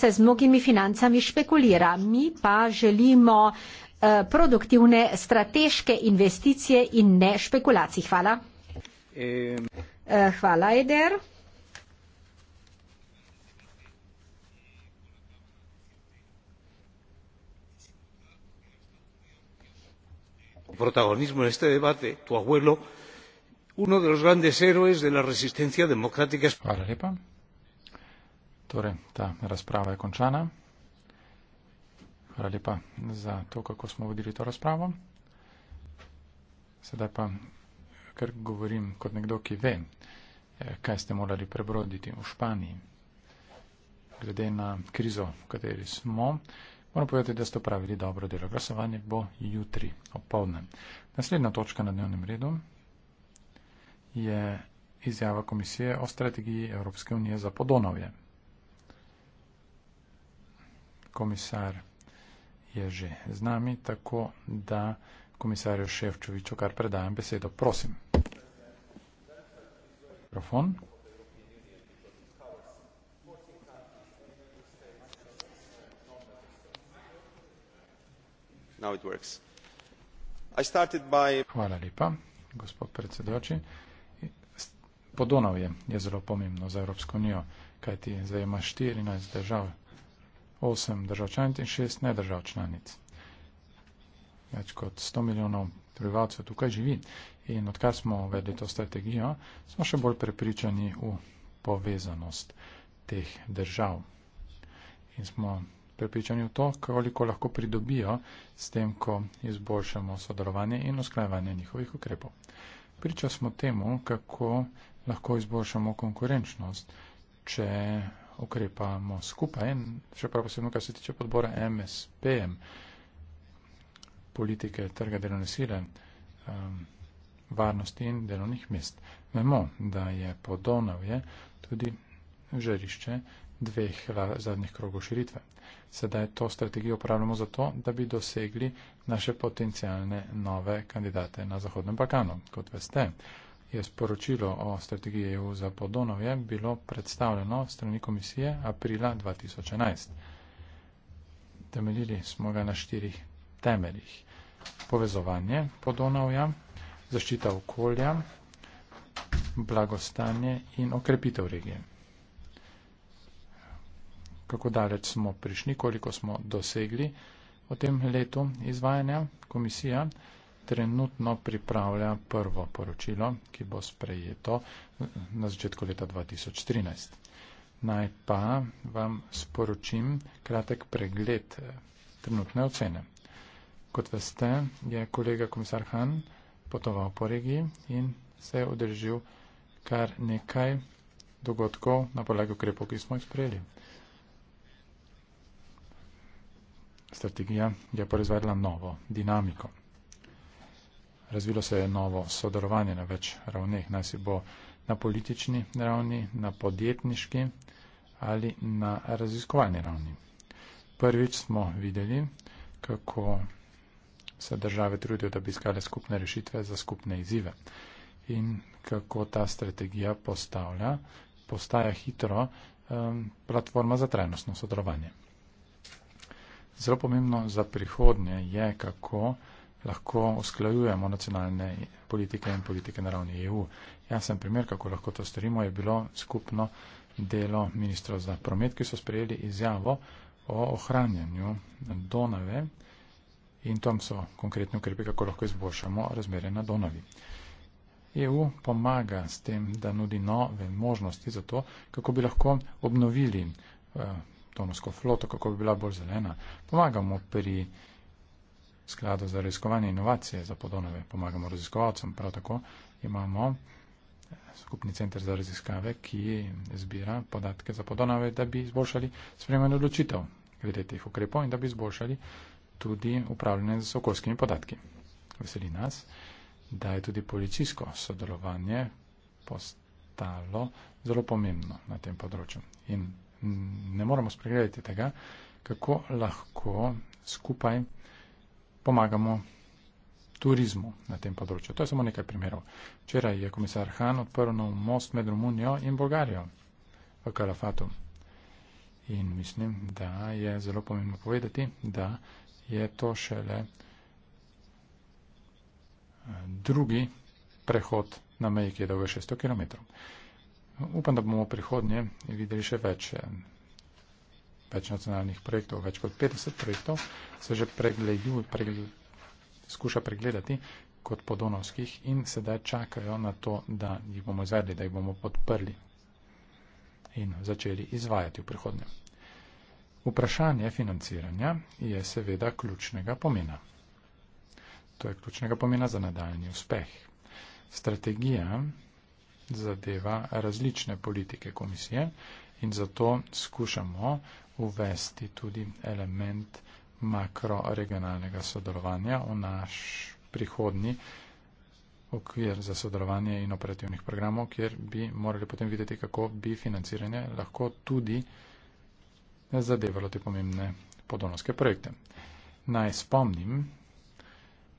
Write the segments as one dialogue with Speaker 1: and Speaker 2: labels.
Speaker 1: se z mnogimi financami špekulira. Mi pa želimo eh, produktivne strateške investicije in ne špekulacij. Hvala. Eh, hvala, Eder.
Speaker 2: protagonismo en este debate, tu abuelo, uno de los grandes héroes de la resistencia democrática española. Torej, ta razprava je končana. Hvala lepa za to, kako smo vodili to razpravo. Sedaj pa, ker govorim kot nekdo, ki ve, eh, kaj ste morali prebroditi v Španiji, glede na krizo, v kateri smo, moram povedati, da ste pravili dobro delo. Glasovanje bo jutri opovdne. Naslednja točka na dnevnem redu je izjava komisije o strategiji Evropske unije za podonovje komisar je že z nami, tako da komisarju Ševčoviču kar predajam besedo. Prosim. Mikrofon. By... Hvala lepa, gospod predsedoči. Podonov je, je zelo pomembno za Evropsko unijo, kajti zdaj ima 14 držav osem držav članic in šest nedržav članic. Več kot 100 milijonov prebivalcev tukaj živi in odkar smo uvedli to strategijo, smo še bolj prepričani v povezanost teh držav. In smo prepričani v to, koliko lahko pridobijo s tem, ko izboljšamo sodelovanje in usklajevanje njihovih ukrepov. Priča smo temu, kako lahko izboljšamo konkurenčnost, če ukrepamo skupaj, še prav posebno, kar se tiče podbora MSPM, politike trga delovne sile, um, varnosti in delovnih mest. Vemo, da je Podonavje tudi žarišče dveh zadnjih krogov širitve. Sedaj to strategijo uporabljamo zato, da bi dosegli naše potencijalne nove kandidate na Zahodnem Balkanu. Kot veste, je sporočilo o strategiji EU za Podonovje bilo predstavljeno strani komisije aprila 2011. Temeljili smo ga na štirih temeljih. Povezovanje Podonovja, zaščita okolja, blagostanje in okrepitev regije. Kako daleč smo prišli, koliko smo dosegli v tem letu izvajanja komisija trenutno pripravlja prvo poročilo, ki bo sprejeto na začetku leta 2013. Naj pa vam sporočim kratek pregled eh, trenutne ocene. Kot veste, je kolega komisar Han potoval po regiji in se je odrežil kar nekaj dogodkov na podlagi ukrepov, ki smo jih sprejeli. Strategija je proizvedla novo dinamiko razvilo se je novo sodelovanje na več ravneh, naj si bo na politični ravni, na podjetniški ali na raziskovalni ravni. Prvič smo videli, kako se države trudijo, da bi iskale skupne rešitve za skupne izzive in kako ta strategija postavlja, postaja hitro um, platforma za trajnostno sodelovanje. Zelo pomembno za prihodnje je, kako lahko usklajujemo nacionalne politike in politike na ravni EU. Jasen primer, kako lahko to storimo, je bilo skupno delo ministrov za promet, ki so sprejeli izjavo o ohranjanju Donave in tam so konkretni ukrepi, kako lahko izboljšamo razmere na Donavi. EU pomaga s tem, da nudi nove možnosti za to, kako bi lahko obnovili eh, donosko floto, kako bi bila bolj zelena. Pomagamo pri eh, skladu za raziskovanje inovacije za podonove, pomagamo raziskovalcem, prav tako imamo eh, skupni center za raziskave, ki zbira podatke za podonove, da bi izboljšali spremljanje odločitev glede teh ukrepov in da bi izboljšali tudi upravljanje z okoljskimi podatki. Veseli nas, da je tudi policijsko sodelovanje postalo zelo pomembno na tem področju. In ne moramo spregledati tega, kako lahko skupaj pomagamo turizmu na tem področju. To je samo nekaj primerov. Včeraj je komisar Han odprl nov most med Romunijo in Bolgarijo v Kalafatu. In mislim, da je zelo pomembno povedati, da je to šele eh, drugi prehod na meji, ki je dolga 600 km. Upam, da bomo v prihodnje videli še več eh, več nacionalnih projektov, več kot 50 projektov, se že pregledu, pregled, skuša pregledati kot podonovskih in sedaj čakajo na to, da jih bomo izvedli, da jih bomo podprli in začeli izvajati v prihodnje. Vprašanje financiranja je seveda ključnega pomena. To je ključnega pomena za nadaljni uspeh. Strategija zadeva različne politike komisije in zato skušamo uvesti tudi element makroregionalnega sodelovanja v naš prihodni okvir za sodelovanje in operativnih programov, kjer bi morali potem videti, kako bi financiranje lahko tudi zadevalo te pomembne podonoske projekte. Naj spomnim,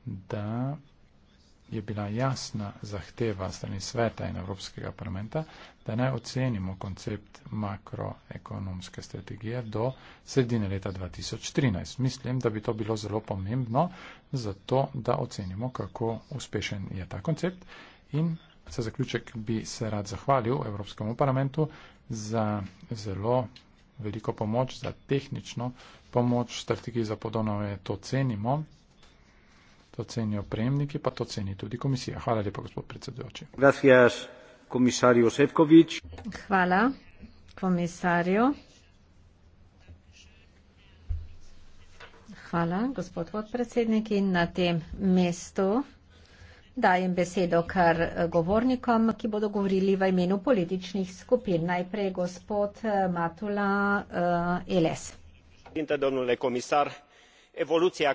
Speaker 2: da je bila jasna zahteva strani sveta in Evropskega parlamenta, da naj ocenimo koncept makroekonomske strategije do sredine leta 2013. Mislim, da bi to bilo zelo pomembno za to, da ocenimo, kako uspešen je ta koncept. In za zaključek bi se rad zahvalil Evropskemu parlamentu za zelo veliko pomoč, za tehnično pomoč strategiji za podobno, to cenimo to cenijo prejemniki, pa to ceni tudi komisija. Hvala lepa, gospod predsedujoči.
Speaker 1: Gracias, komisarju Osefkovič. Hvala, komisarju. Hvala, gospod podpredsednik. In na tem mestu dajem besedo kar govornikom, ki bodo govorili v imenu političnih skupin. Najprej gospod Matula uh, eh, Eles. Domnule komisar, evolucija.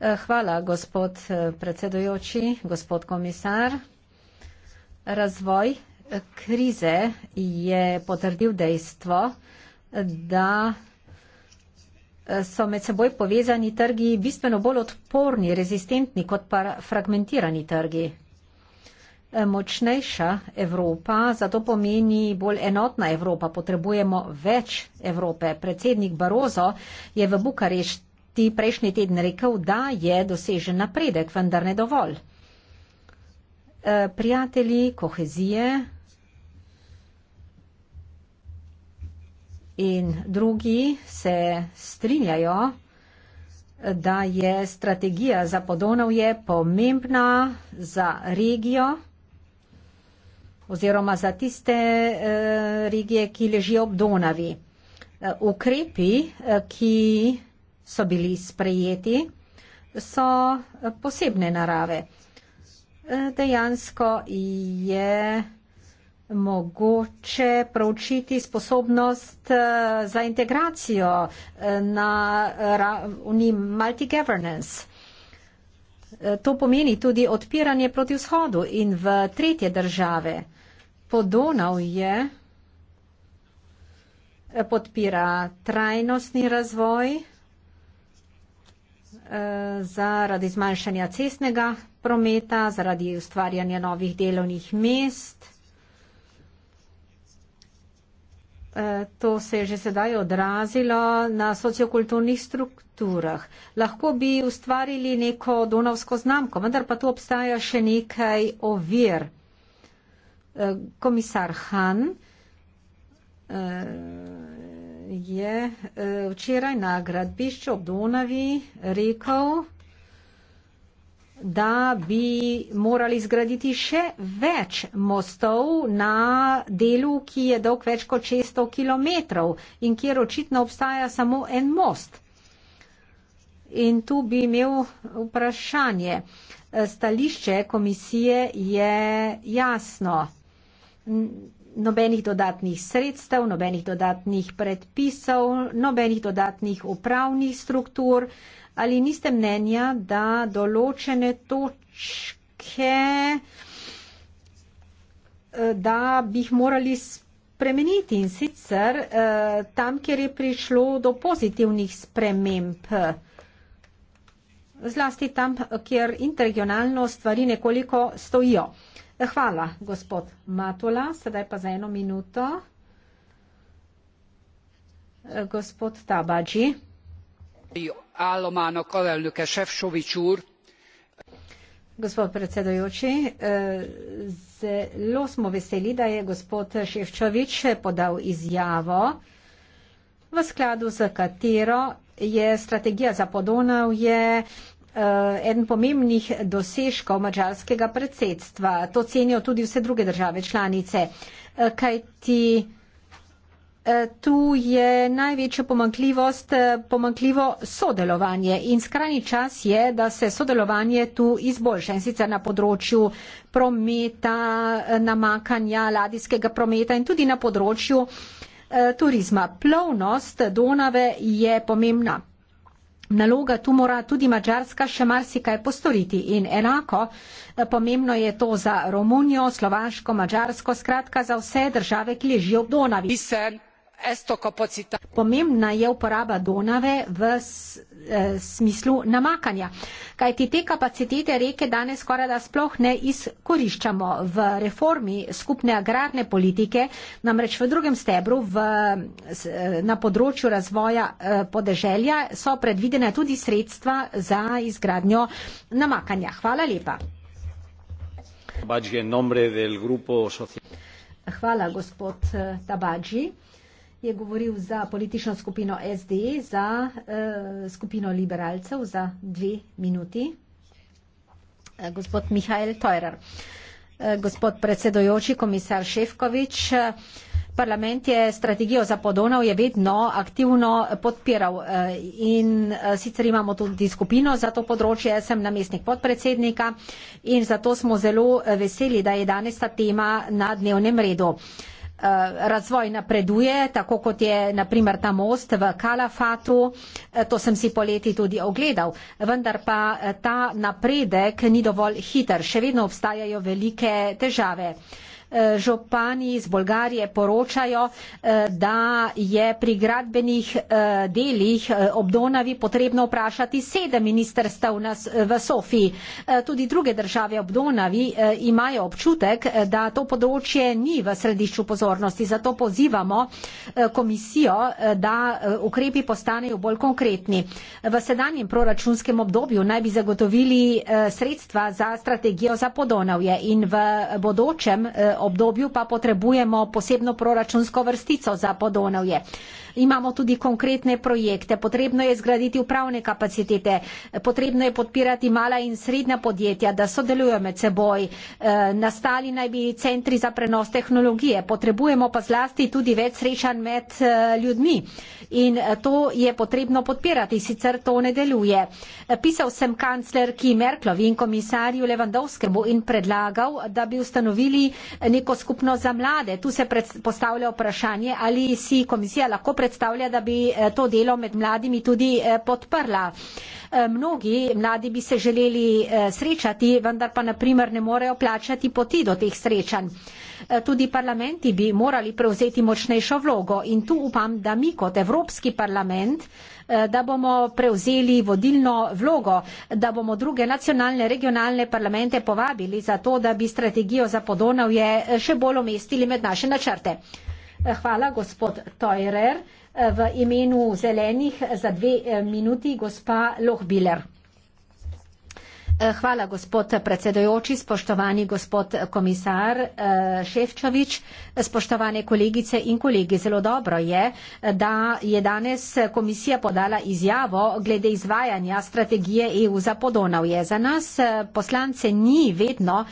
Speaker 1: Eh, hvala, gospod eh, predsedujoči, gospod komisar. Razvoj eh, krize je potrdil dejstvo, da so med seboj povezani trgi bistveno bolj odporni, rezistentni kot pa fragmentirani trgi. Močnejša Evropa, zato pomeni bolj enotna Evropa, potrebujemo več Evrope. Predsednik Barozo je v Bukarešti ti prejšnji teden rekel, da je dosežen napredek, vendar ne dovolj. E, prijatelji kohezije in drugi se strinjajo, da je strategija za Podonavje pomembna za regijo oziroma za tiste e, regije, ki ležijo ob Donavi. E, ukrepi, ki so bili sprejeti, so posebne narave. E, dejansko je mogoče pravčiti sposobnost e, za integracijo e, na ravni multi-governance. To pomeni tudi odpiranje proti vzhodu in v tretje države. Podonav je podpira trajnostni razvoj, Eh, zaradi zmanjšanja cestnega prometa, zaradi ustvarjanja novih delovnih mest. Eh, to se je že sedaj odrazilo na sociokulturnih strukturah. Lahko bi ustvarili neko donovsko znamko, vendar pa tu obstaja še nekaj ovir. Eh, komisar Han je e, včeraj na gradbišču ob Donavi rekel, da bi morali zgraditi še več mostov na delu, ki je dolg več kot 600 km in kjer očitno obstaja samo en most. In tu bi imel vprašanje. E, stališče komisije je jasno nobenih dodatnih sredstev, nobenih dodatnih predpisov, nobenih dodatnih upravnih struktur. Ali niste mnenja, da določene točke, eh, da bi jih morali spremeniti in sicer eh, tam, kjer je prišlo do pozitivnih sprememb, zlasti tam, kjer interregionalno stvari nekoliko stojijo. Hvala, gospod Matula. Sedaj pa za eno minuto. Gospod Tabadži. Alomano kovelnike Šefšovič úr. Gospod predsedujoči, eh, zelo smo veseli, da je gospod Šefčovič podal izjavo, v skladu z katero je strategija za Podonavje je Eh, eden pomembnih dosežkov mačarskega predsedstva. To cenijo tudi vse druge države članice, eh, kaj ti eh, tu je največja pomankljivost, pomankljivo sodelovanje in skrajni čas je, da se sodelovanje tu izboljša in sicer na področju prometa, namakanja, ladijskega prometa in tudi na področju turizma. Plovnost Donave je pomembna naloga, tu mora tudi Mačarska še marsikaj postoriti. In enako eh, pomembno je to za Romunijo, Slovaško, Mačarsko, skratka za vse države, ki ležijo v Donavi. Pomembna je uporaba Donave v e, smislu namakanja, kajti te kapacitete reke danes skoraj da sploh ne izkoriščamo v reformi skupne agrarne politike, namreč v drugem stebru v, e, na področju razvoja e, podeželja so predvidene tudi sredstva za izgradnjo namakanja. Hvala lepa. Hvala, gospod Tabadži je govoril za politično skupino SD, za uh, skupino liberalcev za dve minuti. Uh, gospod Mihajl Teurer, uh, gospod predsedojoči komisar Šefkovič, uh, parlament je strategijo za podonav je vedno aktivno podpiral uh, in uh, sicer imamo tudi skupino za to področje, jaz sem namestnik podpredsednika in zato smo zelo veseli, da je danes ta tema na dnevnem redu. Uh, Eh, razvoj napreduje, tako kot je na primer ta most v Kalafatu, eh, to sem si poleti tudi ogledal, vendar pa eh, ta napredek ni dovolj hiter, še vedno obstajajo velike težave. Uh, župani iz Bolgarije poročajo, eh, da je pri gradbenih eh, delih eh, ob Donavi potrebno vprašati sedem ministrstev v Sofiji. Tudi druge države ob Donavi imajo občutek, da to področje ni v središču pozornosti. Zato pozivamo komisijo, da ukrepi postanejo bolj konkretni. V sedanjem proračunskem obdobju naj bi zagotovili sredstva za strategijo za Podonavje in v bodočem obdobju pa potrebujemo posebno proračunsko vrstico za podonavje. Imamo tudi konkretne projekte, potrebno je zgraditi upravne kapacitete, potrebno je podpirati mala in srednja podjetja, da sodelujo med seboj. E, nastali naj bi centri za prenos tehnologije, potrebujemo pa zlasti tudi več srečanj med e, ljudmi in e, to je potrebno podpirati, sicer to ne deluje. E, pisal sem kanclerki Merklovi in komisarju Levandovskemu in predlagal, da bi ustanovili neko skupnost za mlade. Tu se postavlja vprašanje, ali si komisija lahko predstavlja, da bi eh, to delo med mladimi tudi eh, podprla. Eh, mnogi mladi bi se želeli eh, srečati, vendar pa naprimer ne morejo plačati poti do teh srečanj. Eh, tudi parlamenti bi morali prevzeti močnejšo vlogo in tu upam, da mi kot Evropski parlament, da bomo prevzeli vodilno vlogo, da bomo druge nacionalne, regionalne parlamente povabili za to, da bi strategijo za podonavje še bolj omestili med naše načrte. Hvala, gospod Teurer v imenu zelenih za dve eh, minuti, gospa Lohbiler. Eh, hvala, gospod predsedojoči, spoštovani gospod komisar eh, Ševčovič, spoštovane kolegice in kolegi. Zelo dobro je, da je danes komisija podala izjavo glede izvajanja strategije EU za Podonavje. Za nas eh, poslance ni vedno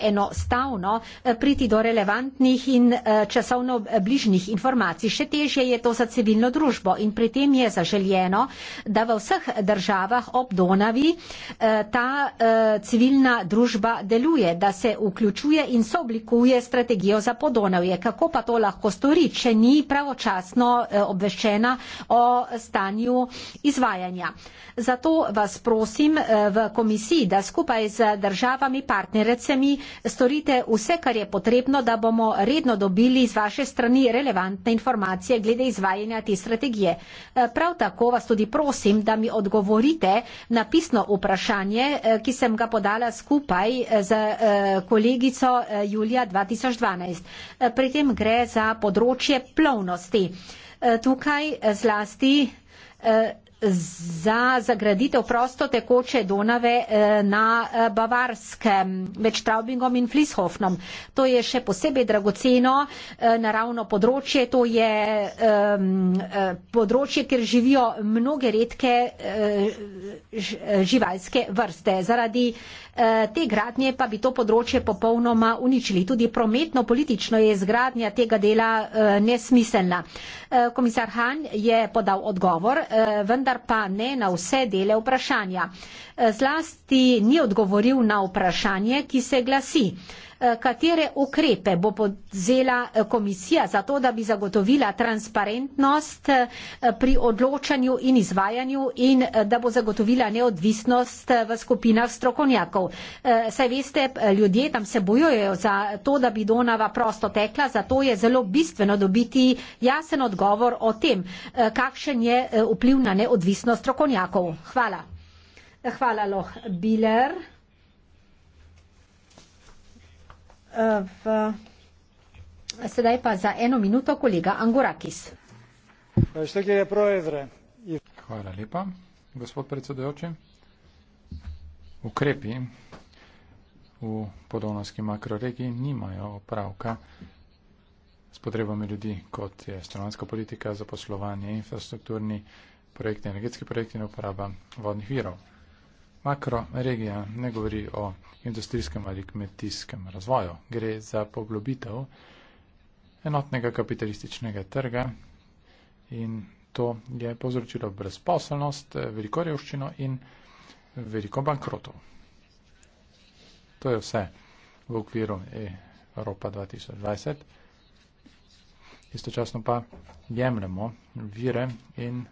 Speaker 1: enostavno priti do relevantnih in časovno bližnjih informacij. Še težje je to za civilno družbo in pri tem je zaželjeno, da v vseh državah ob Donavi ta e, civilna družba deluje, da se vključuje in sooblikuje strategijo za podonavje. Kako pa to lahko stori, če ni pravočasno e, obveščena o stanju izvajanja? Zato vas prosim e, v komisiji, da skupaj z državami partnericami storite vse, kar je potrebno, da bomo redno dobili z vaše strani relevantne informacije glede izvajanja te strategije. E, prav tako vas tudi prosim, da mi odgovorite na pisno vprašanje Eh, ki sem ga podala skupaj eh, z eh, kolegico julija 2012. Pri tem gre za področje plovnosti. Tukaj zlasti za zagraditev prosto tekoče Donave eh, na eh, Bavarskem med Straubingom in Flishofnom. To je še posebej dragoceno eh, naravno področje, to je področje, kjer živijo mnoge redke živalske vrste. Zaradi te gradnje pa bi to področje popolnoma uničili. Tudi prometno, politično je zgradnja tega dela nesmiselna. Komisar Han je podal odgovor, vendar vendar pa ne na vse dele vprašanja. Zlasti ni odgovoril na vprašanje, ki se glasi. Eh, katere ukrepe bo podzela eh, komisija za to, da bi zagotovila transparentnost eh, pri odločanju in izvajanju in da bo zagotovila neodvisnost v skupinah strokovnjakov. Saj veste, ljudje tam se bojujejo za to, da bi Donava prosto tekla, zato je zelo bistveno dobiti jasen odgovor o tem, kakšen je vpliv na neodvisnost strokovnjakov. Hvala. Hvala, Loh Biller. v, sedaj pa za eno minuto kolega Angorakis.
Speaker 2: Hvala lepa, gospod predsedojoči. Ukrepi v podonovski makroregiji nimajo opravka s potrebami ljudi, kot je stranska politika za poslovanje, infrastrukturni projekti, energetski projekti in uporaba vodnih virov makroregija ne govori o industrijskem ali kmetijskem razvoju. Gre za poglobitev enotnega kapitalističnega trga in to je povzročilo brezposelnost, veliko revščino in veliko bankrotov. To je vse v okviru Evropa 2020. Istočasno pa jemljemo vire in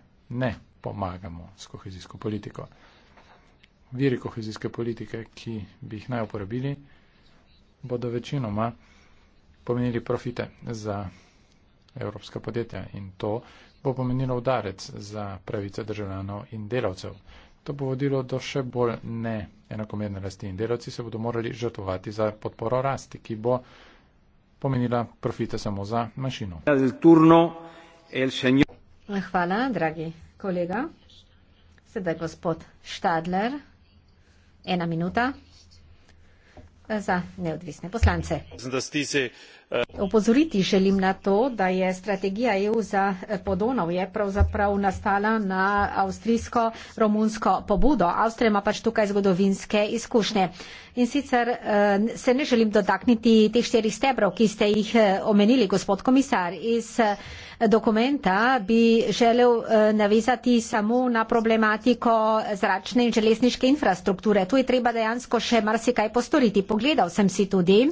Speaker 2: ne pomagamo s kohezijsko politiko viri kohezijske politike, ki bi jih naj uporabili, bodo večinoma pomenili profite za evropska podjetja in to bo pomenilo udarec za pravice državljanov in delavcev. To bo vodilo do še bolj neenakomerne rasti in delavci se bodo morali žrtvovati za podporo rasti, ki bo pomenila profite samo za manjšino.
Speaker 1: Hvala, dragi kolega. Sedaj gospod Štadler ena minuta za neodvisne poslance. Opozoriti želim na to, da je strategija EU za eh, Podonavje pravzaprav nastala na avstrijsko-romunsko pobudo. Avstrija ima pač tukaj zgodovinske izkušnje. In sicer eh, se ne želim dotakniti teh štirih stebrov, ki ste jih eh, omenili, gospod komisar. Iz dokumenta bi želel navezati samo na problematiko zračne in železniške infrastrukture. Tu je treba dejansko še marsikaj postoriti. Pogledal sem si tudi.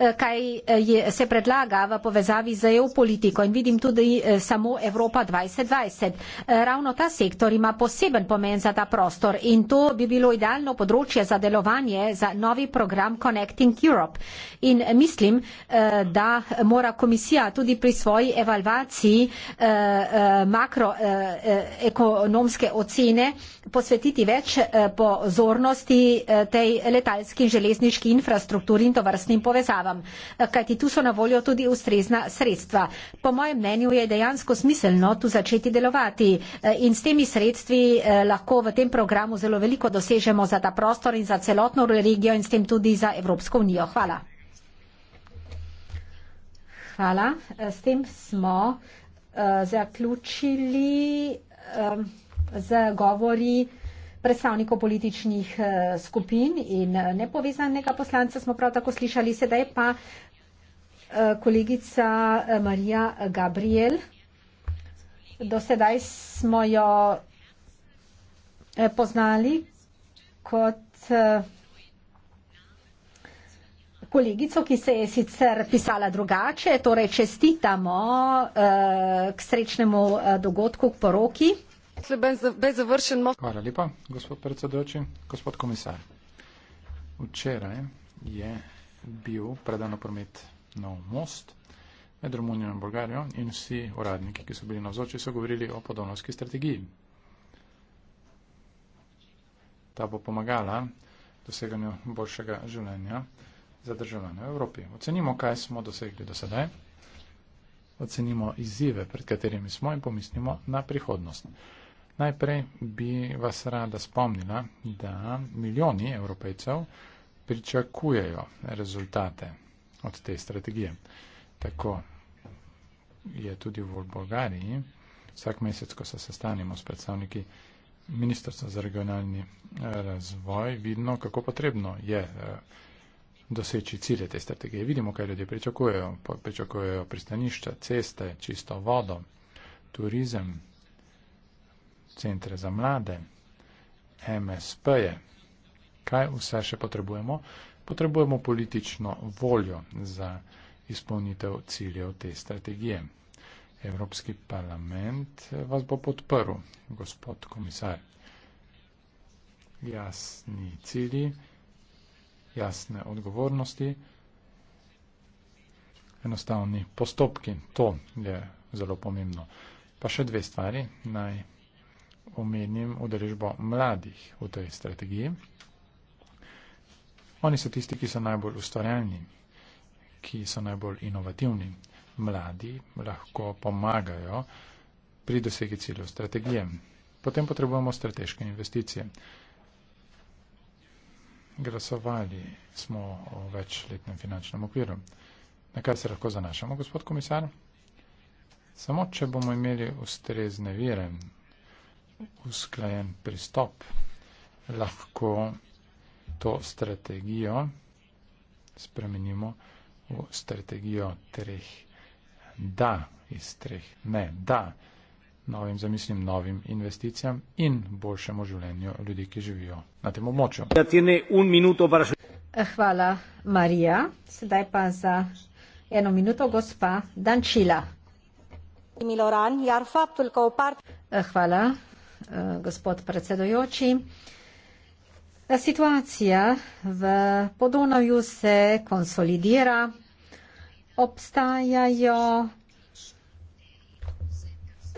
Speaker 1: Eh, kaj eh, se predlaga v povezavi z EU politiko in vidim tudi eh, samo Evropa 2020. Ravno ta sektor ima poseben pomen za ta prostor in to bi bilo idealno področje za delovanje za novi program Connecting Europe. In mislim, da mora komisija tudi pri svoji evalvaciji makroekonomske ocene posvetiti več pozornosti tej letalski in železniški infrastrukturi in tovrstnim povezavam predlagam, kajti tu so na voljo tudi ustrezna sredstva. Po mojem mnenju je dejansko smiselno tu začeti delovati eh, in s temi sredstvi eh, lahko v tem programu zelo veliko dosežemo za ta prostor in za celotno regijo in s tem tudi za Evropsko unijo. Hvala. Hvala. Eh, s tem smo uh, zaključili uh, z govori predstavnikov političnih eh, skupin in eh, nepovezanega poslanca smo prav tako slišali, sedaj pa eh, kolegica Marija Gabriel. Do sedaj smo jo poznali kot kolegico, ki se je sicer pisala drugače, torej čestitamo k srečnemu dogodku, k poroki.
Speaker 2: Hvala lepa, gospod predsedoči. Gospod komisar, včeraj je bil predano promet nov most med Romunijo in Bolgarijo in vsi uradniki, ki so bili navzoči, so govorili o podonovski strategiji. Ta bo pomagala doseganju boljšega življenja za državljane v Evropi. Ocenimo, kaj smo dosegli do sedaj. Ocenimo izzive, pred katerimi smo in pomislimo na prihodnost. Najprej bi vas rada spomnila, da milijoni evropejcev pričakujejo rezultate od te strategije. Tako je tudi v Bolgariji. Vsak mesec, ko se sestanimo s predstavniki Ministrstva za regionalni razvoj, vidno, kako potrebno je eh, doseči cilje te strategije. Vidimo, kaj ljudje pričakujejo. Pričakujejo pristanišča, ceste, čisto vodo, turizem centre za mlade, MSP-je. Kaj vse še potrebujemo? Potrebujemo politično voljo za izpolnitev ciljev te strategije. Evropski parlament vas bo podprl, gospod komisar. Jasni cilji, jasne odgovornosti, enostavni postopki. To je zelo pomembno. Pa še dve stvari naj omenim udeležbo mladih v tej strategiji. Oni so tisti, ki so najbolj ustvarjalni, ki so najbolj inovativni. Mladi lahko pomagajo pri dosegi ciljev strategije. Potem potrebujemo strateške investicije. Glasovali smo o večletnem finančnem okviru. Na kaj se lahko zanašamo, gospod komisar? Samo, če bomo imeli ustrezne vire, usklajen pristop, lahko to strategijo spremenimo v strategijo treh da iz treh ne, da novim zamislim, novim investicijam in boljšemu življenju ljudi, ki živijo na tem območju. Ja,
Speaker 1: eh, hvala, Marija. Sedaj pa za eno minuto, gospa Dančila. Eh, hvala, Eh, gospod predsedojoči. Situacija v Podonavju se konsolidira, obstajajo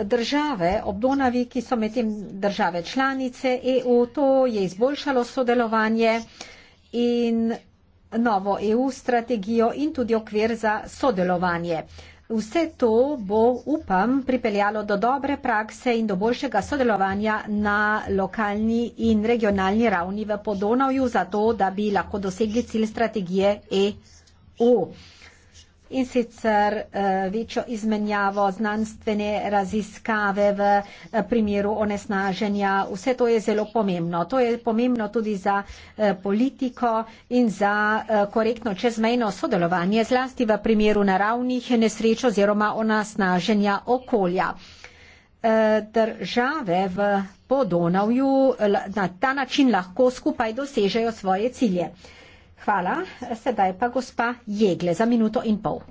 Speaker 1: države ob Donavi, ki so med tem države članice EU, to je izboljšalo sodelovanje in novo EU strategijo in tudi okvir za sodelovanje. Vse to bo, upam, pripeljalo do dobre prakse in do boljšega sodelovanja na lokalni in regionalni ravni v Podonavju, zato da bi lahko dosegli cilj strategije EU in sicer eh, večjo izmenjavo znanstvene raziskave v eh, primeru onesnaženja. Vse to je zelo pomembno. To je pomembno tudi za eh, politiko in za korektno čezmejno sodelovanje, zlasti v primeru naravnih nesreč oziroma onesnaženja okolja. Države v Podonavju na ta način lahko skupaj dosežejo svoje cilje. Hvala. Sedaj pa gospa Jegle za minuto in pol.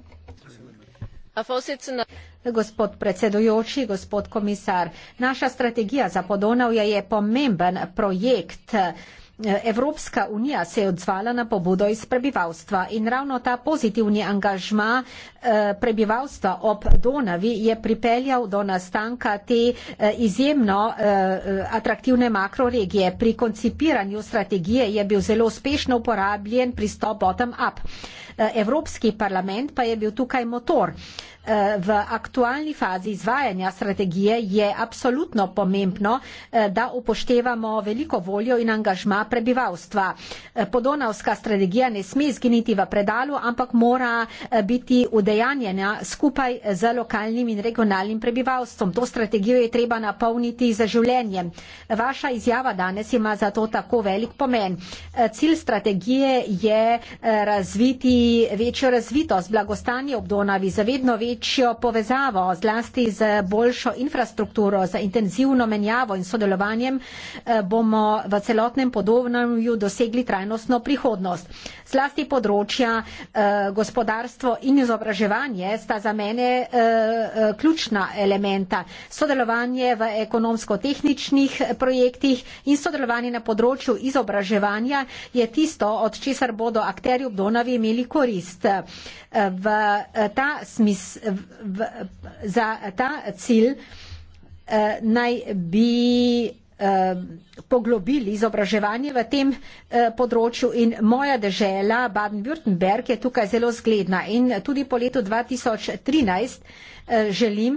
Speaker 1: Gospod predsedujoči, gospod komisar, naša strategija za Podonavje je pomemben projekt. Evropska unija se je odzvala na pobudo iz prebivalstva in ravno ta pozitivni angažma Eh, prebivalstva ob Donavi je pripeljal do nastanka te eh, izjemno eh, atraktivne makroregije. Pri koncipiranju strategije je bil zelo uspešno uporabljen pristop bottom-up. Evropski parlament pa je bil tukaj motor. V aktualni fazi izvajanja strategije je absolutno pomembno, da upoštevamo veliko voljo in angažma prebivalstva. Podonavska strategija ne sme zginiti v predalu, ampak mora biti udeležena udejanjena skupaj z lokalnim in regionalnim prebivalstvom. To strategijo je treba napolniti za življenje. Vaša izjava danes ima zato tako velik pomen. Cilj strategije je eh, razviti večjo razvitost, blagostanje ob Donavi, za vedno večjo povezavo, zlasti z boljšo infrastrukturo, za intenzivno menjavo in sodelovanjem eh, bomo v celotnem podobnemu dosegli trajnostno prihodnost. Zlasti področja eh, gospodarstvo in izobraževanje vzdrževanje sta za mene e, ključna elementa. Sodelovanje v ekonomsko-tehničnih projektih in sodelovanje na področju izobraževanja je tisto, od česar bodo akteri v Donavi imeli korist. Eh, v ta smis, v, v, za ta cilj e, naj bi Eh, poglobili izobraževanje v tem eh, področju in moja dežela Baden-Württemberg je tukaj zelo zgledna in tudi po letu 2013 eh, želim,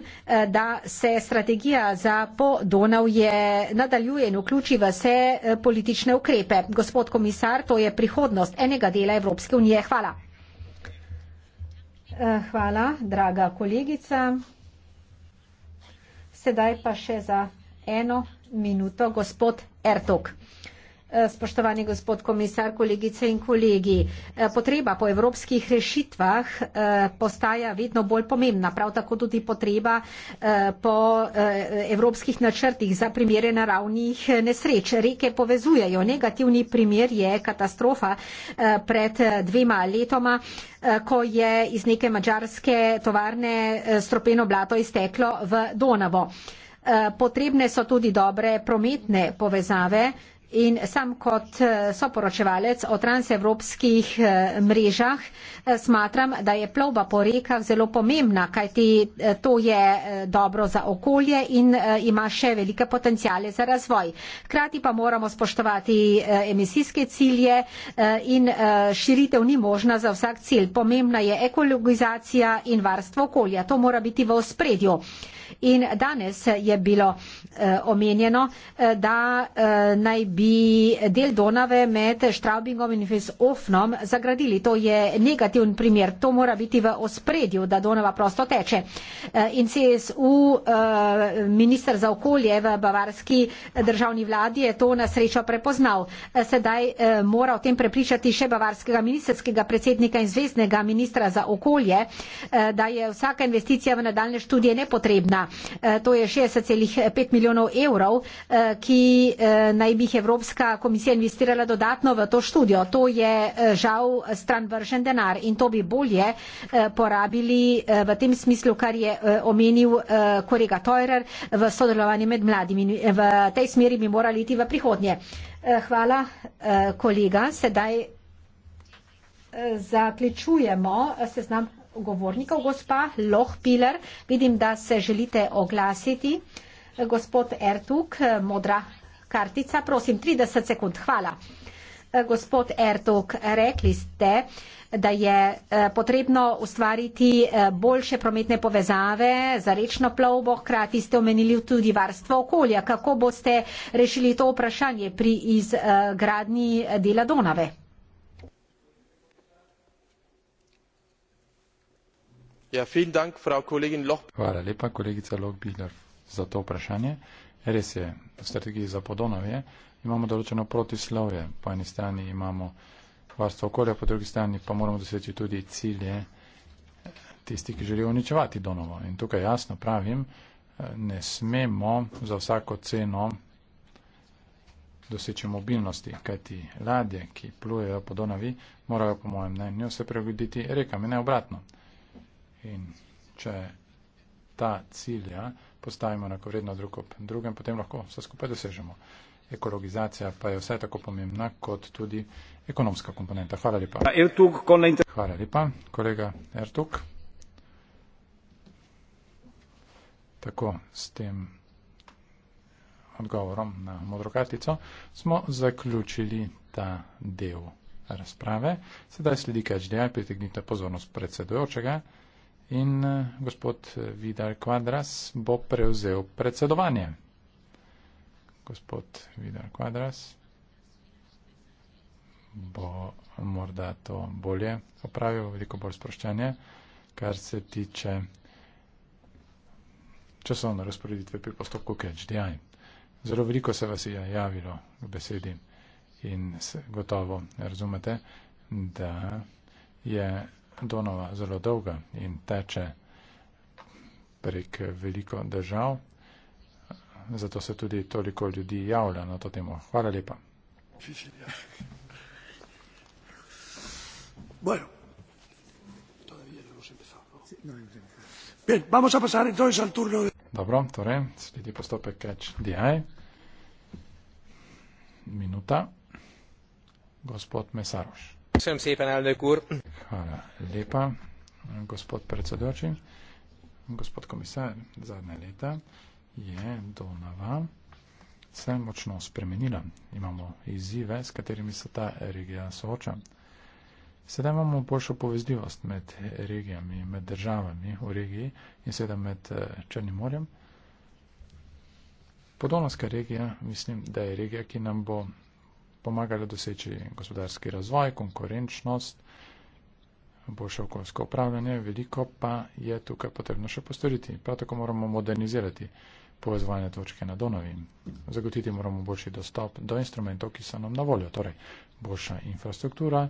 Speaker 1: da se strategija za podonavje nadaljuje in vključi vse politične ukrepe. Gospod komisar, to je prihodnost enega dela Evropske unije. Hvala. Hvala, draga kolegica. Sedaj pa še za eno minuto gospod Ertok. E, spoštovani gospod komisar, kolegice in kolegi, e, potreba po evropskih rešitvah e, postaja vedno bolj pomembna, prav tako tudi potreba po evropskih načrtih za primere naravnih nesreč. Reke povezujejo. Negativni primer je katastrofa pred dvema letoma, ko je iz neke mađarske tovarne stropeno blato izteklo v Donavo. Eh, potrebne so tudi dobre prometne povezave in sam kot eh, soporočevalec o transevropskih eh, mrežah smatram, da je plovba po rekah zelo pomembna, kajti to je dobro za okolje in ima še velike potencijale za razvoj. Hkrati pa moramo spoštovati emisijske cilje in širitev ni možna za vsak cilj. Pomembna je ekologizacija in varstvo okolja. To mora biti v ospredju. In danes je bilo eh, omenjeno, eh, da eh, naj bi del Donave med Straubingom in Fisofnom zagradili. To je negativen primer. To mora biti v ospredju, da Donava prosto teče. In CSU, minister za okolje v bavarski državni vladi, je to na srečo prepoznal. Sedaj mora o tem prepričati še bavarskega ministerskega predsednika in zvezdnega ministra za okolje, da je vsaka investicija v nadaljne študije nepotrebna. Eh, to je 60,5 milijonov evrov, eh, ki eh, naj bi jih Evropska komisija investirala dodatno v to študijo. To je žal stranvržen denar in to bi bolje porabili v tem smislu, kar je omenil kolega Teurer v sodelovanju med mladimi. V tej smeri bi morali iti v prihodnje. Hvala, kolega. Sedaj zaključujemo seznam govornikov. Gospa Loh Piler, vidim, da se želite oglasiti. Gospod Ertug, modra kartica, prosim, 30 sekund, hvala. Gospod Ertug, rekli ste, da je eh, potrebno ustvariti eh, boljše prometne povezave za rečno plovbo, hkrati ste omenili tudi varstvo okolja. Kako boste rešili to vprašanje pri izgradnji eh, dela Donave?
Speaker 2: Ja, vielen Dank, Frau Kollegin Loch. Hvala lepa, kolegica Lohbihler, za to vprašanje. Res je, v strategiji za Podonovje imamo določeno protislovje. Po eni strani imamo varstvo okolja, po drugi strani pa moramo doseči tudi cilje tisti, ki želijo uničevati Donovo. In tukaj jasno pravim, ne smemo za vsako ceno doseči mobilnosti, kajti ladje, ki plujejo po Donavi, morajo po mojem mnenju se prilagoditi rekam in ne obratno. In če ta cilja postavimo na vredno drug ob drugem, potem lahko vse skupaj dosežemo. Ekologizacija pa je vse tako pomembna kot tudi ekonomska komponenta. Hvala lepa. Hvala lepa, kolega Ertuk. Tako s tem odgovorom na modro kartico smo zaključili ta del razprave. Sedaj sledi KHDI, pritegnite pozornost predsedojočega in eh, gospod eh, Vidal Quadras bo prevzel predsedovanje. Gospod Vidal Quadras bo morda to bolje opravil, veliko bolj sproščanje, kar se tiče časovne razporeditve pri postopku KHDI. Zelo veliko se vas je javilo v besedi in se gotovo razumete, da je Donova zelo dolga in teče prek veliko držav. Zato se tudi toliko ljudi javlja na to temo. Hvala lepa. Bueno. Bien, vamos a pasar entonces al turno de... Dobro, torej, sledi postopek Catch the Eye. Minuta. Gospod Mesaroš. Köszönöm szépen, elnök úr! Hála lépa, gospod predsedoči, gospod komisár, zadnje leta je Donava se močno spremenila. Imamo izzive, s katerimi se ta regija sooča. Sedaj imamo boljšo povezljivost med regijami, med državami v regiji in sedaj med eh, Črnim morjem. Podonovska regija, mislim, da je regija, ki nam bo pomagale doseči gospodarski razvoj, konkurenčnost, boljše okoljsko upravljanje, veliko pa je tukaj potrebno še postoriti. Prav tako moramo modernizirati povezovanje točke na Donovi. Zagotiti moramo boljši dostop do instrumentov, ki so nam na voljo, torej boljša infrastruktura,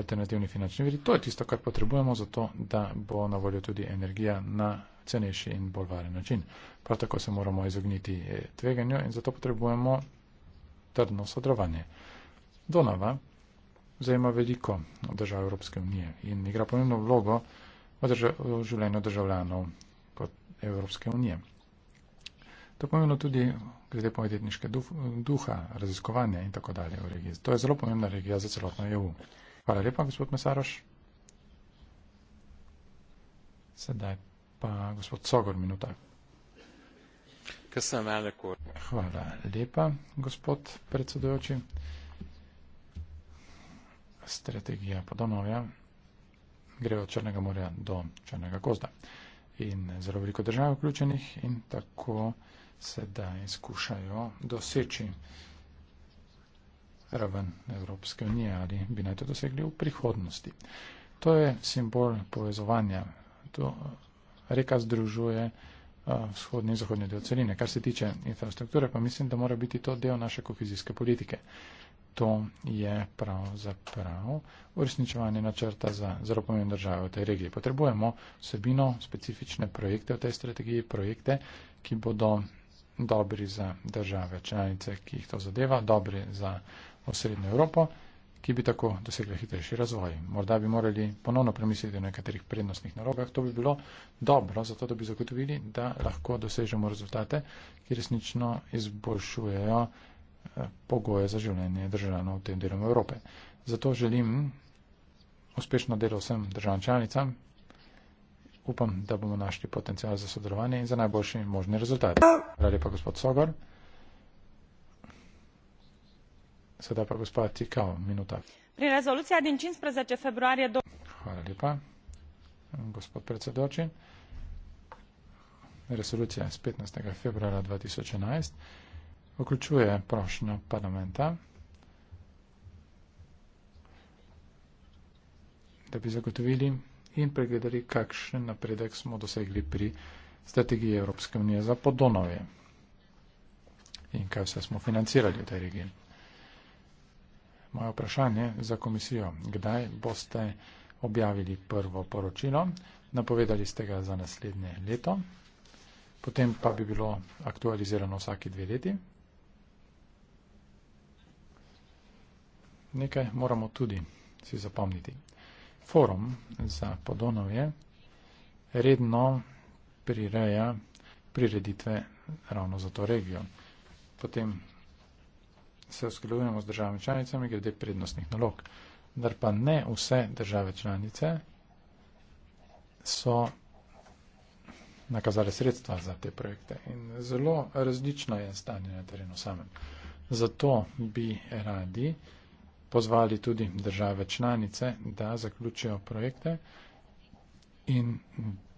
Speaker 2: alternativni finančni viri. To je tisto, kar potrebujemo za to, da bo na voljo tudi energija na cenejši in bolj varen način. Prav tako se moramo izogniti eh, tveganju in zato potrebujemo trdno sodelovanje. Donava zajema veliko držav Evropske unije in igra pomembno vlogo v, držav, v življenju državljanov kot Evropske unije. To pomembno tudi glede pomedetniške duf, duha, raziskovanja in tako dalje v regiji. To je zelo pomembna regija za celotno EU. Hvala lepa, gospod Mesaroš. Sedaj pa gospod Sogor, minuta. Köszönöm, elnök úr. Hvala lepa, gospod predsedujoči. Strategija podanovja gre od Črnega morja do Črnega gozda. In zelo veliko držav vključenih in tako sedaj skušajo doseči raven Evropske unije ali bi naj to dosegli v prihodnosti. To je simbol povezovanja. To reka združuje vzhodni in zahodni del celine. Kar se tiče infrastrukture, pa mislim, da mora biti to del naše kohezijske politike. To je pravzaprav uresničevanje načrta za zelo pomembne države v tej regiji. Potrebujemo vsebino, specifične projekte v tej strategiji, projekte, ki bodo dobri za države članice, ki jih to zadeva, dobri za osrednjo Evropo ki bi tako dosegla hitrejši razvoj. Morda bi morali ponovno premisliti o nekaterih prednostnih nalogah. To bi bilo dobro, zato da bi zagotovili, da lahko dosežemo rezultate, ki resnično izboljšujejo eh, pogoje za življenje državljanov v tem delu Evrope. Zato želim uspešno delo vsem državam članicam. Upam, da bomo našli potencial za sodelovanje in za najboljši možni rezultat. Hvala lepa, gospod Sogor. se da pa gospa Tika, minuta. Pri rezoluciji od 15. februarja do. Hvala lepa, gospod predsedoči. Resolucija z 15. februara 2011 vključuje prošnjo parlamenta, da bi zagotovili in pregledali, kakšen napredek smo dosegli pri strategiji Evropske unije za podonovje in kaj vse smo financirali v tej regiji. Moje vprašanje za komisijo. Kdaj boste objavili prvo poročilo? Napovedali ste ga za naslednje leto, potem pa bi bilo aktualizirano vsaki dve leti. Nekaj moramo tudi si zapomniti. Forum za Podonovje redno prireja prireditve ravno za to regijo. Potem se usklajujemo z državami članicami glede prednostnih nalog. Dar pa ne vse države članice so nakazale sredstva za te projekte. In zelo različno je stanje na terenu samem. Zato bi radi pozvali tudi države članice, da zaključijo projekte in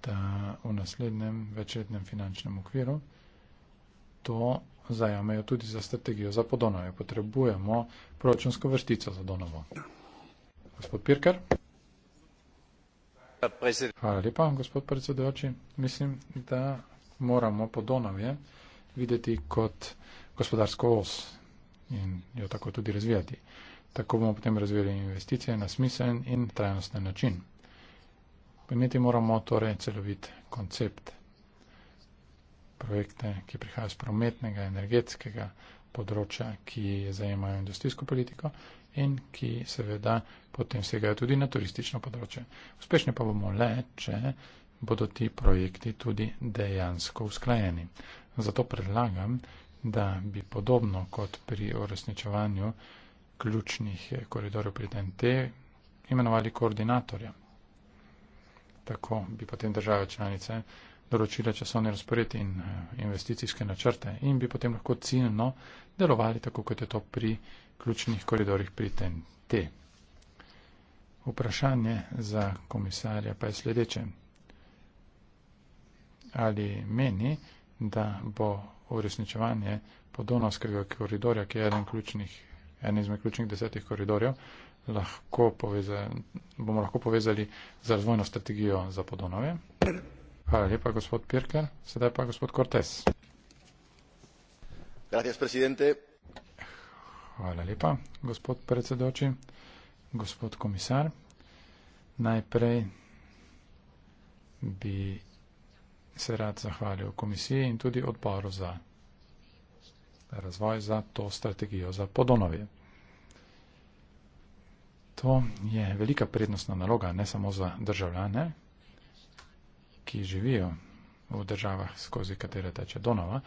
Speaker 2: da v naslednjem večletnem finančnem okviru to zajamejo tudi za strategijo za Podonove. Potrebujemo proračunsko vrstico za Donovo. Gospod Pirker. Hvala lepa, gospod predsedujoči. Mislim, da moramo Podonove videti kot gospodarsko os in jo tako tudi razvijati. Tako bomo potem razvijali investicije na smisen in trajnostni način. Pojmeti moramo torej celovit koncept projekte, ki prihajajo z prometnega, energetskega področja, ki zajemajo industrijsko politiko in ki seveda potem segajo tudi na turistično področje. Uspešni pa bomo le, če bodo ti projekti tudi dejansko usklajeni. Zato predlagam, da bi podobno kot pri uresničevanju ključnih koridorjev pri DNT imenovali koordinatorja. Tako bi potem države članice določile časovne razporedi in eh, investicijske načrte in bi potem lahko ciljno delovali tako, kot je to pri ključnih koridorih pri TNT. Vprašanje za komisarja pa je sledeče. Ali meni, da bo uresničevanje podonovskega koridorja, ki je eden, ključnih, eden izmed ključnih desetih koridorjev, lahko poveza, bomo lahko povezali z razvojno strategijo za podonove? Hvala lepa, gospod Pirke. Sedaj pa gospod Cortez.
Speaker 1: Gracias, presidente.
Speaker 2: Hvala lepa, gospod predsedoči, gospod komisar. Najprej bi se rad zahvalil komisiji in tudi odboru za razvoj za to strategijo za Podonovje. To je velika prednostna naloga, ne samo za državljane, ki živijo v državah, skozi katere teče Donova,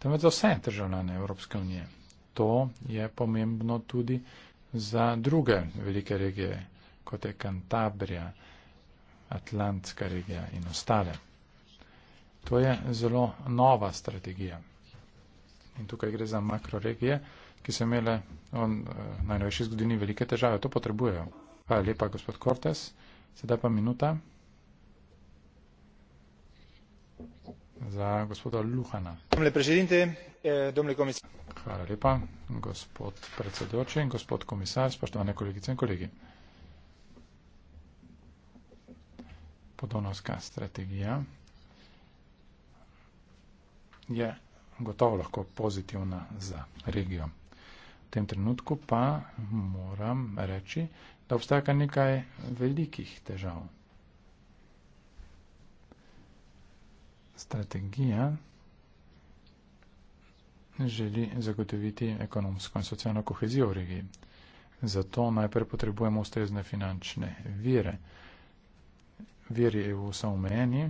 Speaker 2: temveč za vse državljane Evropske unije. To je pomembno tudi za druge velike regije, kot je Kantabrija, Atlantska regija in ostale. To je zelo nova strategija. In tukaj gre za makroregije, ki so imele v eh, najnovejši zgodini velike težave. To potrebujejo. Hvala lepa, gospod Kortes. Sedaj pa minuta. za gospoda Luhana. Domnule președinte, e, domnule comisar. Hvala lepa, gospod predsedoči in gospod komisar, spoštovane kolegice in kolegi. Podonovska strategija je gotovo lahko pozitivna za regijo. V tem trenutku pa moram reči, da obstaja nekaj velikih težav strategija želi zagotoviti ekonomsko in socialno kohezijo v regiji. Zato najprej potrebujemo ustrezne finančne vire. Viri EU so omejeni,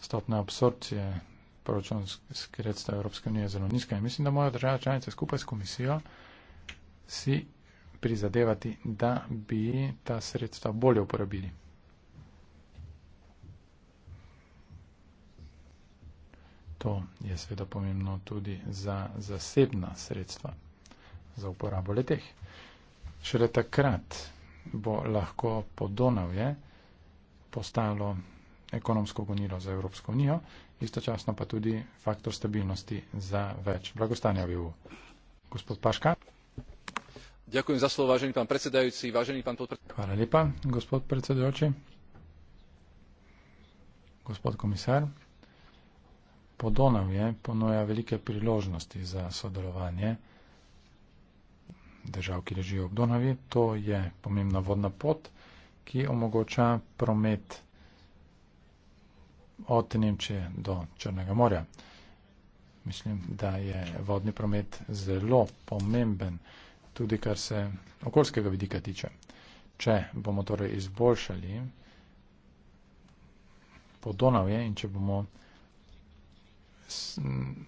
Speaker 2: stopna absorpcije proračunskih sredstev Evropske unije je zelo nizka in mislim, da morajo države članice skupaj s komisijo si prizadevati, da bi ta sredstva bolje uporabili. to je seveda pomembno tudi za zasebna sredstva, za uporabo leteh. Šele takrat bo lahko podonavje postalo ekonomsko gonilo za Evropsko unijo, istočasno pa tudi faktor stabilnosti za več blagostanja v EU. Gospod Paška. Ďakujem za slovo, vážený pán predsedajúci, vážený pán podpredsedajúci. Hvala lepa, gospod predsedajúci. Gospod komisár. Podonavje ponuja velike priložnosti za sodelovanje držav, ki ležijo ob Donavi. To je pomembna vodna pot, ki omogoča promet od Nemčije do Črnega morja. Mislim, da je vodni promet zelo pomemben, tudi kar se okoljskega vidika tiče. Če bomo torej izboljšali podonavje in če bomo Mm,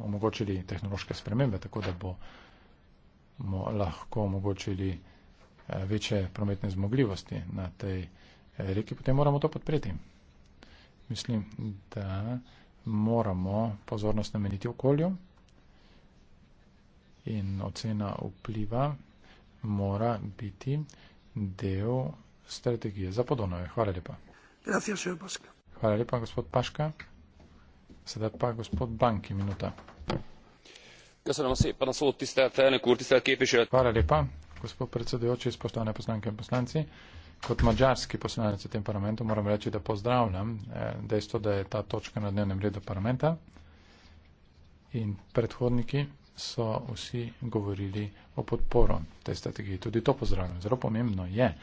Speaker 2: omogočili tehnološke spremembe, tako da bomo lahko omogočili eh, večje prometne zmogljivosti na tej eh, reki, potem moramo to podpreti. Mislim, da moramo pozornost nameniti okolju in ocena vpliva mora biti del strategije za podonove. Hvala lepa. Hvala lepa, gospod Paška. Sedaj pa gospod Banki, minuta. Köszönöm szépen a szót, tisztelt elnök úr, tisztelt képviselő. Hvala lepa, gospod predsedujoči, spoštovane poslanke in poslanci. Kot mađarski poslanec v tem parlamentu moram reči, da pozdravljam eh, dejstvo, da je ta točka na dnevnem redu parlamenta. In predhodniki so vsi govorili o podporu tej strategiji. Tudi to pozdravljam. Zelo pomembno je,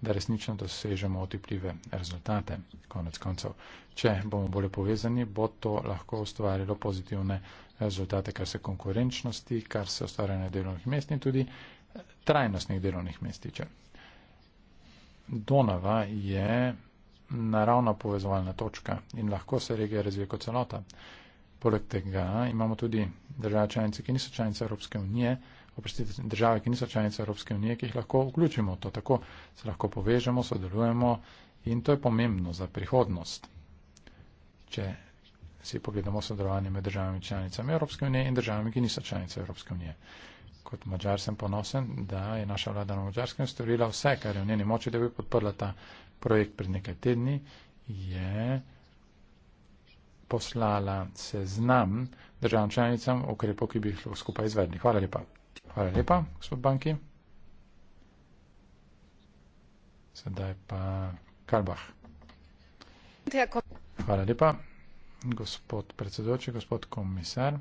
Speaker 2: da resnično dosežemo otipljive rezultate. Konec koncev, če bomo bolje povezani, bo to lahko ustvarilo pozitivne rezultate, kar se konkurenčnosti, kar se ustvarjanja delovnih mest in tudi eh, trajnostnih delovnih mest tiče. Donava je naravna povezovalna točka in lahko se regija razvije kot celota. Poleg tega imamo tudi države članice, ki niso članice Evropske unije, oprostite, države, ki niso članice Evropske unije, ki jih lahko vključimo. To tako se lahko povežemo, sodelujemo in to je pomembno za prihodnost. Če si pogledamo sodelovanje med državami članicami Evropske unije in državami, ki niso članice Evropske unije. Kot mačar sem ponosen, da je naša vlada na mačarskem storila vse, kar je v njeni moči, da bi podprla ta projekt pred nekaj tedni, je poslala seznam državam članicam ukrepov, ki bi jih lahko skupaj izvedli. Hvala lepa. Hvala lepa, gospod Banki. Sedaj pa Karbah. Hvala lepa, gospod predsedoči, gospod komisar.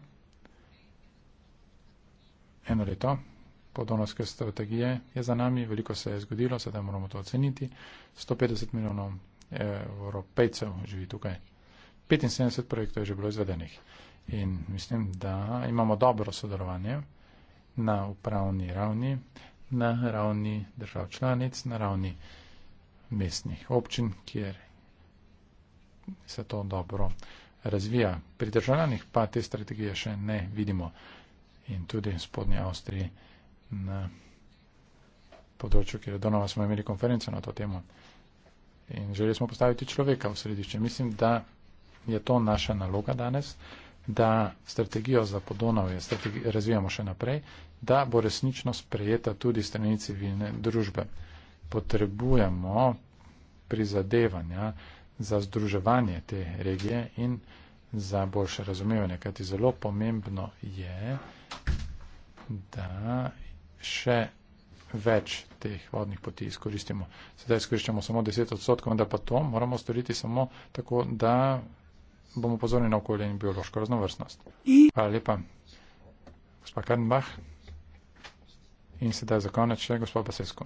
Speaker 2: Eno leto podonoske strategije je za nami, veliko se je zgodilo, sedaj moramo to oceniti. 150 milijonov evropejcev živi tukaj. 75 projektov je že bilo izvedenih. In mislim, da imamo dobro sodelovanje na upravni ravni, na ravni držav članic, na ravni mestnih občin, kjer se to dobro razvija. Pri državljanih pa te strategije še ne vidimo in tudi v spodnji Avstriji na področju, kjer je donova, smo imeli konferenco na to temo in želeli smo postaviti človeka v središče. Mislim, da je to naša naloga danes da strategijo za Podonavje razvijamo še naprej, da bo resnično sprejeta tudi strani civilne družbe. Potrebujemo prizadevanja za združevanje te regije in za boljše razumevanje, kajti zelo pomembno je, da še več teh vodnih poti izkoristimo. Sedaj izkoriščamo samo 10 odstotkov, vendar pa to moramo storiti samo tako, da bomo pozorni na okolje in biološko raznovrstnost. Hvala lepa. Gospa Karnbach. In sedaj za konec še gospod Pasesko.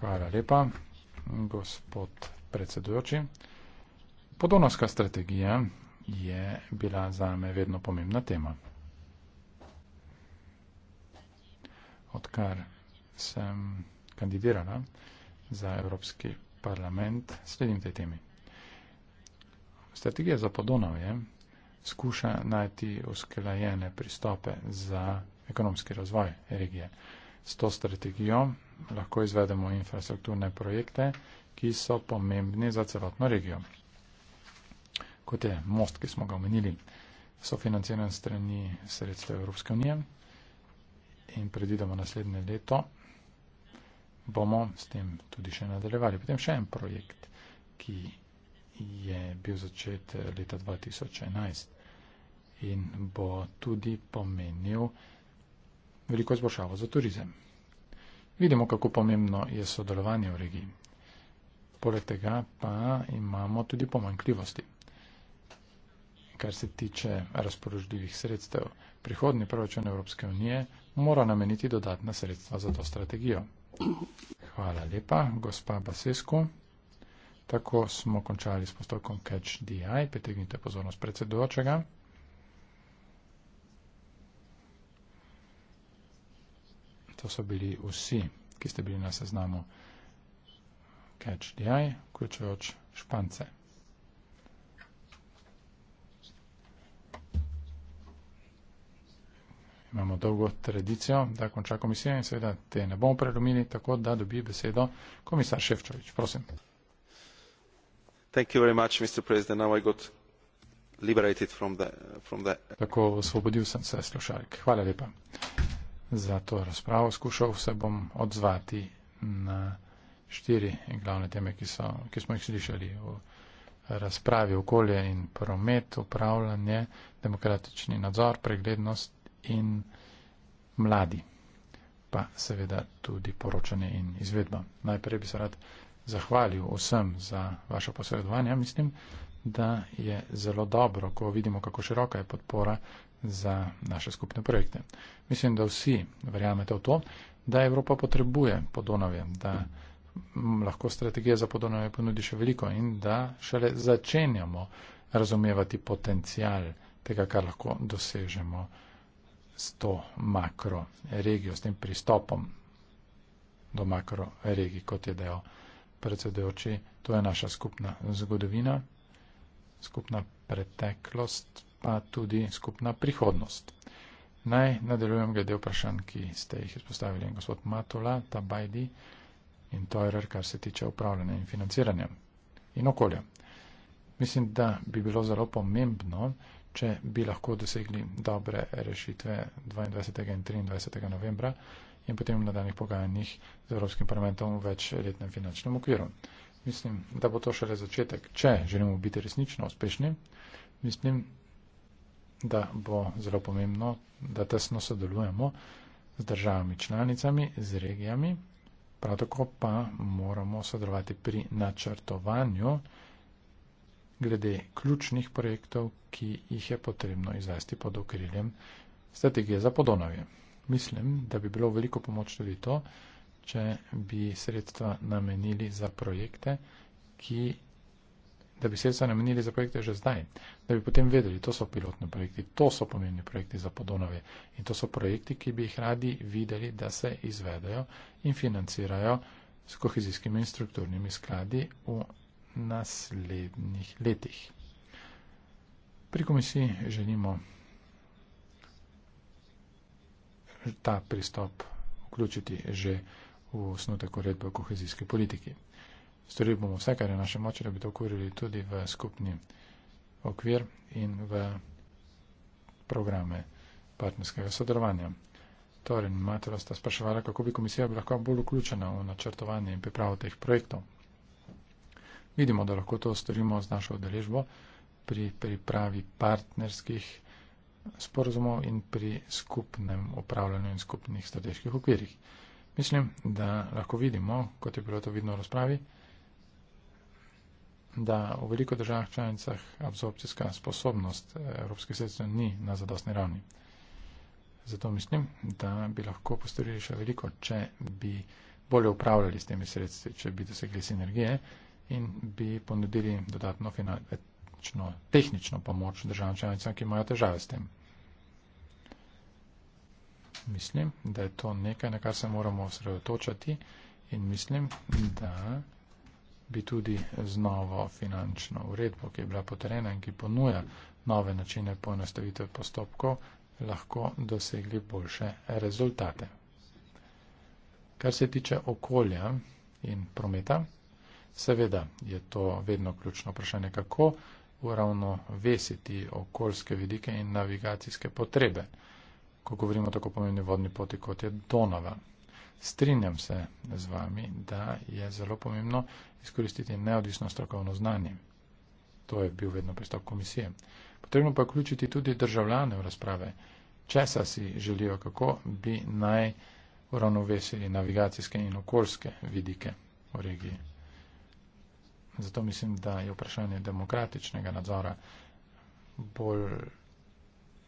Speaker 2: Hvala lepa, gospod predsedujoči. Podonovska strategija je bila za me vedno pomembna tema. Odkar sem kandidirala za Evropski parlament, sledim tej temi strategija za Podonavje skuša najti usklajene pristope za ekonomski razvoj regije. S to strategijo lahko izvedemo infrastrukturne projekte, ki so pomembni za celotno regijo. Kot je most, ki smo ga omenili, so financiran strani sredstva Evropske unije in predvidemo naslednje leto, bomo s tem tudi še nadaljevali. Potem še en projekt, ki je bil začet eh, leta 2011 in bo tudi pomenil veliko izboljšavo za turizem. Vidimo, kako pomembno je sodelovanje v regiji. Poleg tega pa imamo tudi pomankljivosti. Kar se tiče razpoložljivih sredstev, prihodni proračun Evropske unije mora nameniti dodatna sredstva za to strategijo. Hvala lepa, gospa Basesko. Tako smo končali s postopkom Catch DI. Pritegnite pozornost predsedujočega. To so bili vsi, ki ste bili na seznamu Catch DI, vključujoč špance. Imamo dolgo tradicijo, da konča komisija in seveda te ne bomo prelomili, tako da dobi besedo komisar Ševčovič. Prosim tako osvobodil sem se slušalk. Hvala lepa za to razpravo. Skušal se bom odzvati na štiri glavne teme, ki, so, ki smo jih slišali v razpravi okolje in promet, upravljanje, demokratični nadzor, preglednost in mladi, pa seveda tudi poročanje in izvedba. Najprej bi se rad zahvalil vsem za vaše posredovanje. Mislim, da je zelo dobro, ko vidimo, kako široka je podpora za naše skupne projekte. Mislim, da vsi verjamete v to, da Evropa potrebuje podonove, da lahko strategija za podonove ponudi še veliko in da šele začenjamo razumevati potencial tega, kar lahko dosežemo s to makroregijo, s tem pristopom do makroregij, kot je dejal predsedujoči, to je naša skupna zgodovina, skupna preteklost, pa tudi skupna prihodnost. Naj nadaljujem glede vprašanj, ki ste jih izpostavili gospod Matula, Tabajdi in Toerer, kar se tiče upravljanja in financiranja in okolja. Mislim, da bi bilo zelo pomembno, če bi lahko dosegli dobre rešitve 22. in 23. novembra in potem v nadaljnih pogajanjih z Evropskim parlamentom v večletnem finančnem okviru. Mislim, da bo to šele začetek, če želimo biti resnično uspešni. Mislim, da bo zelo pomembno, da tesno sodelujemo z državami članicami, z regijami, prav tako pa moramo sodelovati pri načrtovanju glede ključnih projektov, ki jih je potrebno izvesti pod okriljem strategije za podonovje mislim, da bi bilo veliko pomoč tudi to, če bi sredstva namenili za projekte, ki, da bi sredstva namenili za projekte že zdaj, da bi potem vedeli, to so pilotni projekti, to so pomembni projekti za podonove in to so projekti, ki bi jih radi videli, da se izvedajo in financirajo s kohezijskimi in strukturnimi skladi v naslednjih letih. Pri komisiji želimo ta pristop vključiti že v osnutek uredbe o kohezijski politiki. Storili bomo vse, kar je naše moče, da bi to ukvirili tudi v skupni okvir in v programe partnerskega sodelovanja. Torej, Matera sta spraševala, kako bi komisija bila lahko bolj vključena v načrtovanje in pripravo teh projektov. Vidimo, da lahko to storimo z našo odrežbo pri pripravi partnerskih sporozumov in pri skupnem upravljanju in skupnih strateških okvirih. Mislim, da lahko vidimo, kot je bilo to vidno v razpravi, da v veliko državah članicah absorpcijska sposobnost eh, evropskih sredstev ni na zadostni ravni. Zato mislim, da bi lahko postorili še veliko, če bi bolje upravljali s temi sredstvi, če bi dosegli sinergije in bi ponudili dodatno finan praktično, tehnično pomoč državam članicam, ki imajo težave s tem. Mislim, da je to nekaj, na kar se moramo osredotočati in mislim, da bi tudi z novo finančno uredbo, ki je bila potrjena in ki ponuja nove načine poenostavitve postopkov, lahko dosegli boljše rezultate. Kar se tiče okolja in prometa, seveda je to vedno ključno vprašanje, kako uravnovesiti okoljske vidike in navigacijske potrebe, ko govorimo o tako pomembni vodni poti, kot je Donava. Strinjam se z vami, da je zelo pomembno izkoristiti neodvisno strokovno znanje. To je bil vedno pristop komisije. Potrebno pa je vključiti tudi državljane v razprave, česa si želijo, kako bi naj uravnovesili navigacijske in okoljske vidike v regiji. Zato mislim, da je vprašanje demokratičnega nadzora bolj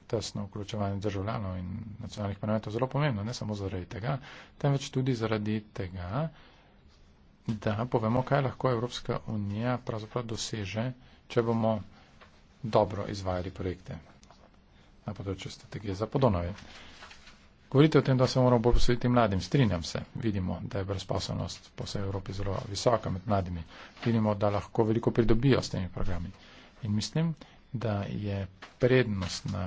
Speaker 2: tesno vključevanje državljanov in nacionalnih parlamentov zelo pomembno, ne samo zaradi tega, temveč tudi zaradi tega, da povemo, kaj lahko Evropska unija pravzaprav doseže, če bomo dobro izvajali projekte na področju strategije za podonove. Govorite o tem, da se moramo bolj posvetiti mladim. Strinjam se. Vidimo, da je brezposobnost po vsej Evropi zelo visoka med mladimi. Vidimo, da lahko veliko pridobijo s temi programi. In mislim, da je prednost na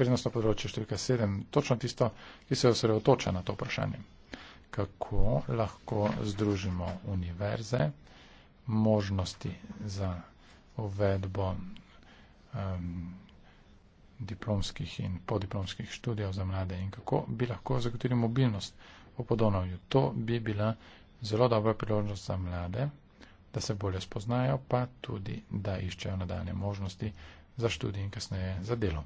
Speaker 2: prednostno področje številka 7 točno tisto, ki se osredotoča na to vprašanje. Kako lahko združimo univerze, možnosti za uvedbo. Um, diplomskih in podiplomskih študijev za mlade in kako bi lahko zagotovili mobilnost v Podonovju. To bi bila zelo dobra priložnost za mlade, da se bolje spoznajo, pa tudi, da iščejo nadaljne možnosti za študij in kasneje za delo.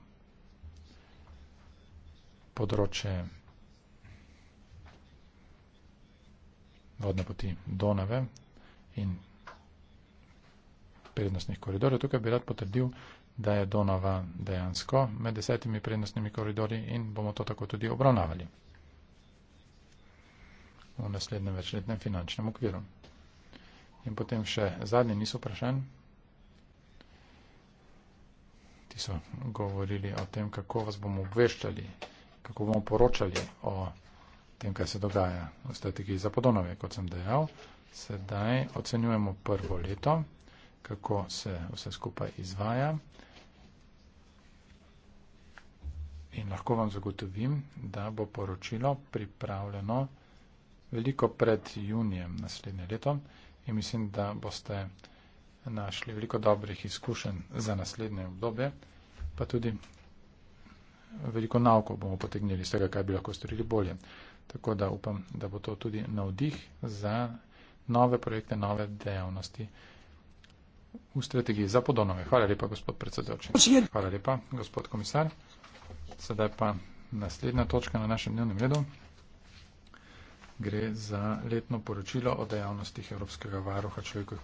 Speaker 2: Področje vodne poti Donave in prednostnih koridorjev, tukaj bi rad potrdil, da je Donava dejansko med desetimi prednostnimi koridori in bomo to tako tudi obravnavali v naslednjem večletnem finančnem okviru. In potem še zadnji niz vprašanj. Ti so govorili o tem, kako vas bomo obveščali, kako bomo poročali o tem, kaj se dogaja v strategiji za podonove, kot sem dejal. Sedaj ocenjujemo prvo leto kako se vse skupaj izvaja. In lahko vam zagotovim, da bo poročilo pripravljeno veliko pred junijem naslednje leto in mislim, da boste našli veliko dobrih izkušenj za naslednje obdobje, pa tudi veliko nauko bomo potegnili z tega, kaj bi lahko storili bolje. Tako da upam, da bo to tudi navdih za nove projekte, nove dejavnosti v strategiji za podonove. Hvala lepa, gospod predsedoči. Hvala lepa, gospod komisar. Sedaj pa naslednja točka na našem dnevnem redu. Gre za letno poročilo o dejavnostih Evropskega varuha človekovih.